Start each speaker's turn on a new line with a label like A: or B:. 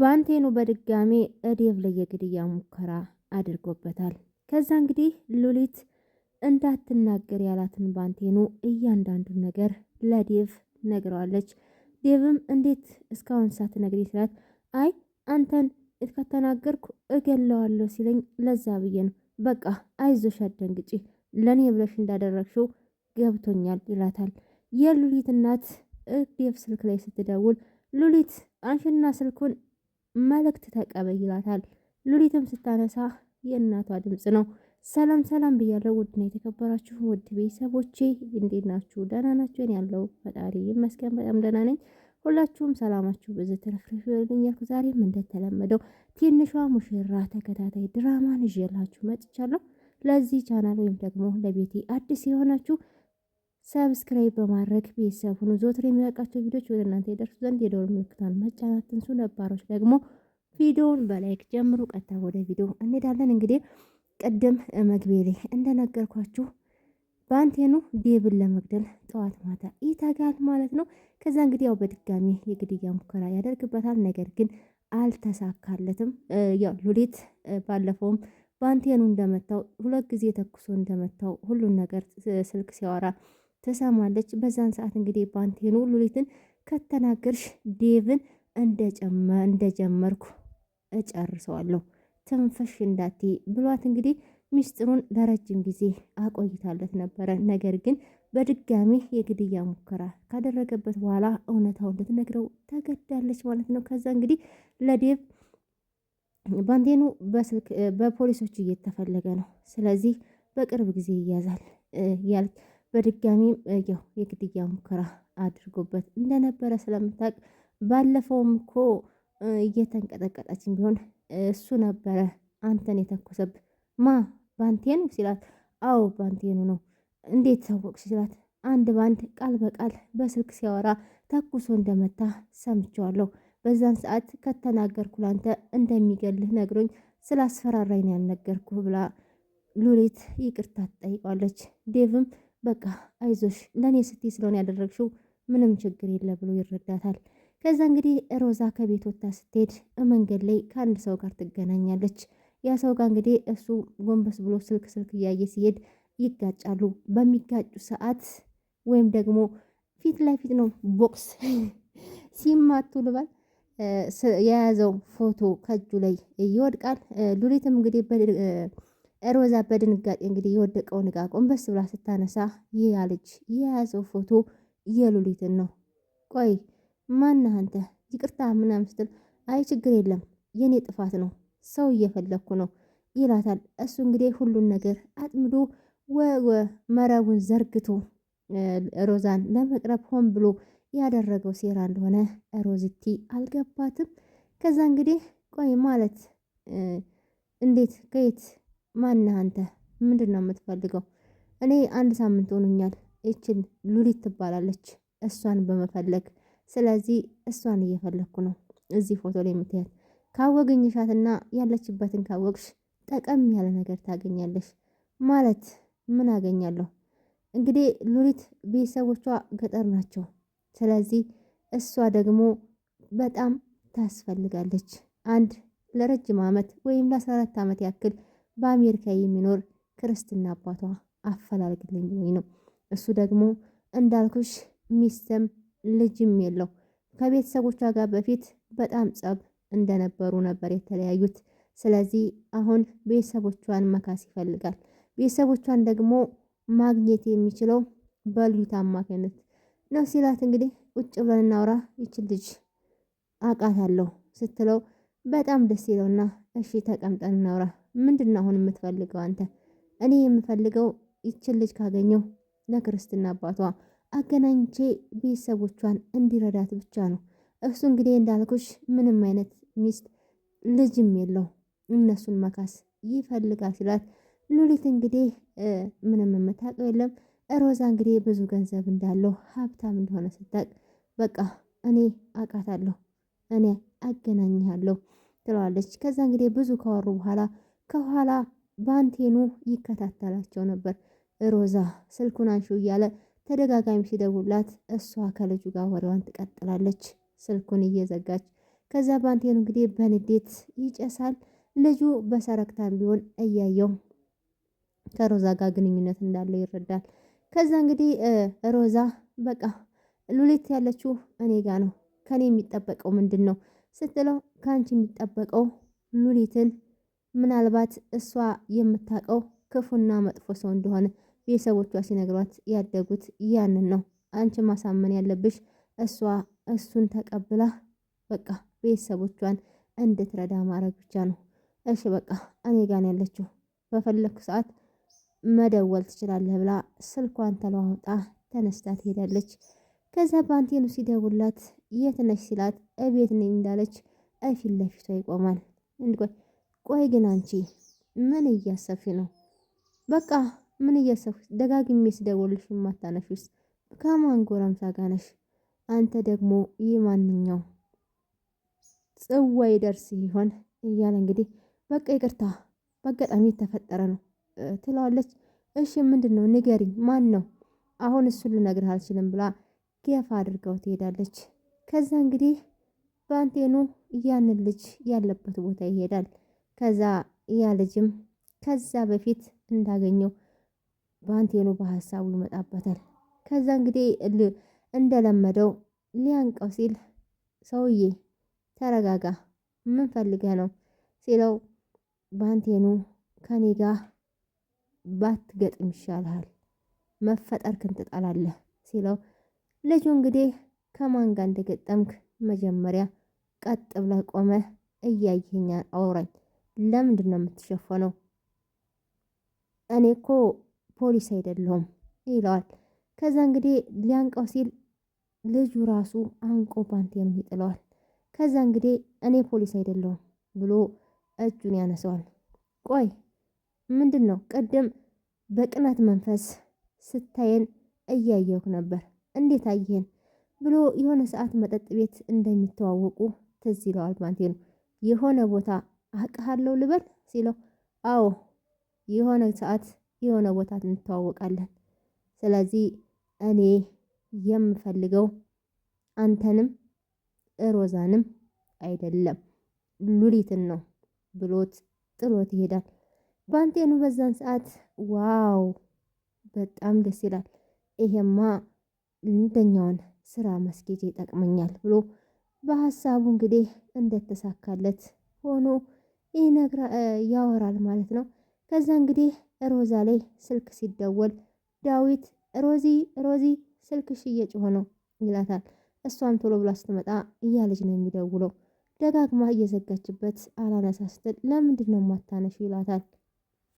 A: ባንቴኑ በድጋሜ እዴቭ ላይ የግድያ ሙከራ አድርጎበታል። ከዛ እንግዲህ ሉሊት እንዳትናገር ያላትን ባንቴኑ እያንዳንዱን ነገር ለዴቭ ነግረዋለች። ዴቭም እንዴት እስካሁን ሳትነግሪ ስላት አይ አንተን ከተናገርኩ እገለዋለሁ ሲለኝ ለዛ ብዬ ነው። በቃ አይዞሽ፣ አደንግጪ ለእኔ ብለሽ እንዳደረግሽው ገብቶኛል ይላታል። የሉሊት እናት ዴቭ ስልክ ላይ ስትደውል ሉሊት አንሽና ስልኩን መልእክት ተቀበይ ይላታል። ሉሊትም ስታነሳ የእናቷ ድምፅ ነው። ሰላም ሰላም ብያለሁ ውድና የተከበራችሁ ውድ ቤተሰቦቼ እንዴት ናችሁ? ደህና ናችሁን? ያለው ፈጣሪ ይመስገን በጣም ደህና ነኝ። ሁላችሁም ሰላማችሁ ብዙ ትርፍርፍ ይበልኝ እያልኩ ዛሬም እንደተለመደው ትንሿ ሙሽራ ተከታታይ ድራማን ይዤላችሁ መጥቻለሁ። ለዚህ ቻናል ወይም ደግሞ ለቤቴ አዲስ የሆናችሁ ሰብስክራይብ በማድረግ ቤተሰብ ሁኑ። ዘወትር የሚለቃቸው ቪዲዮዎች ወደ እናንተ ይደርሱ ዘንድ የደወል ምልክቷን መጫን አትንሱ። ነባሮች ደግሞ ቪዲዮውን በላይክ ጀምሩ። ቀጥታ ወደ ቪዲዮ እንሄዳለን። እንግዲህ ቅድም መግቢያ ላይ እንደነገርኳችሁ በአንቴኑ ዴብን ለመግደል ጠዋት ማታ ይተጋል ማለት ነው። ከዛ እንግዲህ ያው በድጋሚ የግድያ ሙከራ ያደርግበታል። ነገር ግን አልተሳካለትም። ያው ሉሊት ባለፈውም በአንቴኑ እንደመታው ሁለት ጊዜ ተኩሶ እንደመታው ሁሉን ነገር ስልክ ሲያወራ ትሰማለች። በዛን ሰዓት እንግዲህ ባንቴኑ ሉሊትን ከተናገርሽ ዴቭን እንደጀመርኩ እጨርሰዋለሁ ትንፈሽ እንዳቴ ብሏት እንግዲህ ሚስጥሩን ለረጅም ጊዜ አቆይታለት ነበረ። ነገር ግን በድጋሚ የግድያ ሙከራ ካደረገበት በኋላ እውነታው ልትነግረው ተገዳለች ማለት ነው። ከዛ እንግዲህ ለዴቭ ባንቴኑ በፖሊሶች እየተፈለገ ነው፣ ስለዚህ በቅርብ ጊዜ ይያዛል ያልክ በድጋሚም ያው የግድያ ሙከራ አድርጎበት እንደነበረ ስለምታውቅ ባለፈውም እኮ እየተንቀጠቀጠችን ቢሆን እሱ ነበረ አንተን የተኮሰብ ማ ባንቴኑ ሲላት፣ አዎ ባንቴኑ ነው። እንዴት ታወቅሽ ሲላት፣ አንድ በአንድ ቃል በቃል በስልክ ሲያወራ ተኩሶ እንደመታ ሰምቸዋለሁ። በዛን ሰዓት ከተናገርኩ ላንተ እንደሚገልህ ነግሮኝ ስላስፈራራኝ ያልነገርኩ ብላ ሉሊት ይቅርታ ትጠይቋለች። ዴቭም በቃ አይዞሽ ለእኔ ስትይ ስለሆነ ያደረግሽው ምንም ችግር የለ ብሎ ይረዳታል። ከዛ እንግዲህ ሮዛ ከቤት ወጥታ ስትሄድ መንገድ ላይ ከአንድ ሰው ጋር ትገናኛለች። ያ ሰው ጋር እንግዲህ እሱ ጎንበስ ብሎ ስልክ ስልክ እያየ ሲሄድ ይጋጫሉ። በሚጋጩ ሰዓት ወይም ደግሞ ፊት ለፊት ነው ቦክስ ሲማቱ ልባል የያዘው ፎቶ ከእጁ ላይ ይወድቃል። ሉሊትም እንግዲህ ሮዛ በድንጋጤ እንግዲህ የወደቀውን ዕቃ ጎንበስ ብላ ስታነሳ ይህ የያዘው ፎቶ የሉሊትን ነው። ቆይ ማነህ አንተ? ይቅርታ ምናምን ስትል አይ ችግር የለም የኔ ጥፋት ነው፣ ሰው እየፈለግኩ ነው ይላታል። እሱ እንግዲህ ሁሉን ነገር አጥምዶ መረቡን ዘርግቶ ሮዛን ለመቅረብ ሆን ብሎ ያደረገው ሴራ እንደሆነ ሮዚቲ አልገባትም። ከዛ እንግዲህ ቆይ ማለት እንዴት ከየት ማነህ አንተ? ምንድን ነው የምትፈልገው? እኔ አንድ ሳምንት ሆኖኛል ይችን ሉሊት ትባላለች እሷን በመፈለግ ስለዚህ እሷን እየፈለግኩ ነው። እዚህ ፎቶ ላይ የምታያት ካወግኝሻትና ያለችበትን ካወቅሽ ጠቀም ያለ ነገር ታገኛለሽ። ማለት ምን አገኛለሁ? እንግዲህ ሉሊት ቤተሰቦቿ ገጠር ናቸው። ስለዚህ እሷ ደግሞ በጣም ታስፈልጋለች። አንድ ለረጅም አመት ወይም ለአስራ አራት ዓመት ያክል በአሜሪካ የሚኖር ክርስትና አባቷ አፈላልግልኝ ብሎኝ ነው። እሱ ደግሞ እንዳልኩሽ ሚስትም ልጅም የለው። ከቤተሰቦቿ ጋር በፊት በጣም ጸብ እንደነበሩ ነበር የተለያዩት። ስለዚህ አሁን ቤተሰቦቿን መካስ ይፈልጋል። ቤተሰቦቿን ደግሞ ማግኘት የሚችለው በልዩት አማካኝነት ነው ሲላት፣ እንግዲህ ቁጭ ብለን እናውራ ይችል ልጅ አውቃታለሁ ስትለው በጣም ደስ ይለውና እሺ ተቀምጠን እናውራ ምንድን ነው አሁን የምትፈልገው አንተ? እኔ የምፈልገው ይችን ልጅ ካገኘው ለክርስትና አባቷ አገናኝቼ ቤተሰቦቿን እንዲረዳት ብቻ ነው። እሱ እንግዲህ እንዳልኩሽ ምንም አይነት ሚስት ልጅም የለው እነሱን መካስ ይፈልጋል ሲላት፣ ሉሊት እንግዲህ ምንም የምታውቀው የለም። ሮዛ እንግዲህ ብዙ ገንዘብ እንዳለው ሀብታም እንደሆነ ስታቅ፣ በቃ እኔ አውቃታለሁ፣ እኔ አገናኝሃለሁ ትለዋለች። ከዛ እንግዲህ ብዙ ካወሩ በኋላ ከኋላ ባንቴኑ ይከታተላቸው ነበር። ሮዛ ስልኩን አንሹ እያለ ተደጋጋሚ ሲደውላት እሷ ከልጁ ጋር ወሬዋን ትቀጥላለች፣ ስልኩን እየዘጋች ከዛ ባንቴኑ እንግዲህ በንዴት ይጨሳል። ልጁ በሰረክታ ቢሆን እያየው ከሮዛ ጋር ግንኙነት እንዳለው ይረዳል። ከዛ እንግዲህ ሮዛ በቃ ሉሊት ያለችው እኔ ጋ ነው፣ ከኔ የሚጠበቀው ምንድን ነው ስትለው ከአንቺ የሚጠበቀው ሉሊትን ምናልባት እሷ የምታውቀው ክፉና መጥፎ ሰው እንደሆነ ቤተሰቦቿ ሲነግሯት ያደጉት ያንን ነው። አንቺ ማሳመን ያለብሽ እሷ እሱን ተቀብላ በቃ ቤተሰቦቿን እንድትረዳ ማድረግ ብቻ ነው። እሺ በቃ እኔ ጋን ያለችው፣ በፈለግኩ ሰዓት መደወል ትችላለህ ብላ ስልኳን ተለዋውጣ ተነስታ ትሄዳለች። ከዛ ባንቴኑ ሲደውላት የት ነሽ ሲላት እቤት ነኝ እንዳለች እፊት ለፊቷ ይቆማል። ቆይ ግን አንቺ ምን እያሰብሽ ነው? በቃ ምን እያሰብሽ ደጋግሜ ስደውልሽ የማታነሽስ ከማን ጎረምሳ ጋር ነሽ? አንተ ደግሞ ይህ ማንኛው ጽዋ ይደርስ ይሆን እያለ እንግዲህ በቃ ይቅርታ በአጋጣሚ የተፈጠረ ነው ትለዋለች። እሺ ምንድን ነው ንገሪኝ፣ ማን ነው? አሁን እሱን ልነግርህ አልችልም ብላ ገፋ አድርገው ትሄዳለች። ከዛ እንግዲህ ባንቴኑ ያንን ልጅ ያለበት ቦታ ይሄዳል። ከዛ ያ ልጅም ከዛ በፊት እንዳገኘው በአንቴኑ በሀሳቡ ይመጣበታል። ከዛ እንግዲህ እንደለመደው ሊያንቀው ሲል ሰውዬ ተረጋጋ፣ ምን ፈልገ ነው ሲለው በአንቴኑ ከኔ ጋር ባትገጥም ይሻልሃል፣ መፈጠርክን ትጠላለህ ሲለው ልጁ እንግዲህ ከማን እንደገጠምክ መጀመሪያ ቀጥ ብለህ ቆመ እያየኛ አውራኝ ለምንድን ነው የምትሸፈነው? እኔ እኮ ፖሊስ አይደለሁም ይለዋል። ከዛ እንግዲህ ሊያንቀው ሲል ልጁ ራሱ አንቆ ባንቴኑ ይጥለዋል። ከዛ እንግዲህ እኔ ፖሊስ አይደለሁም ብሎ እጁን ያነሰዋል። ቆይ ምንድን ነው ቅድም በቅናት መንፈስ ስታየን እያየሁ ነበር፣ እንዴት አየን ብሎ የሆነ ሰዓት መጠጥ ቤት እንደሚተዋወቁ ትዝ ይለዋል። ባንቴኑ የሆነ ቦታ አውቅሃለሁ ልበል ሲለው አዎ የሆነ ሰዓት የሆነ ቦታ እንተዋወቃለን። ስለዚህ እኔ የምፈልገው አንተንም ሮዛንም አይደለም ሉሊትን ነው ብሎት ጥሎት ይሄዳል። ባንቴኑ በዛን ሰዓት ዋው በጣም ደስ ይላል ይሄማ እንደኛውን ስራ መስኬጄ ይጠቅመኛል ብሎ በሀሳቡ እንግዲህ እንደተሳካለት ሆኖ ይነግራ ያወራል ማለት ነው። ከዛ እንግዲህ ሮዛ ላይ ስልክ ሲደወል ዳዊት ሮዚ ሮዚ ስልክሽ እየጮኸ ነው ይላታል። እሷም ቶሎ ብላ ስትመጣ እያ ልጅ ነው የሚደውለው። ደጋግማ እየዘጋችበት አላነሳ ስትል ለምንድን ነው ማታነሽ ይላታል።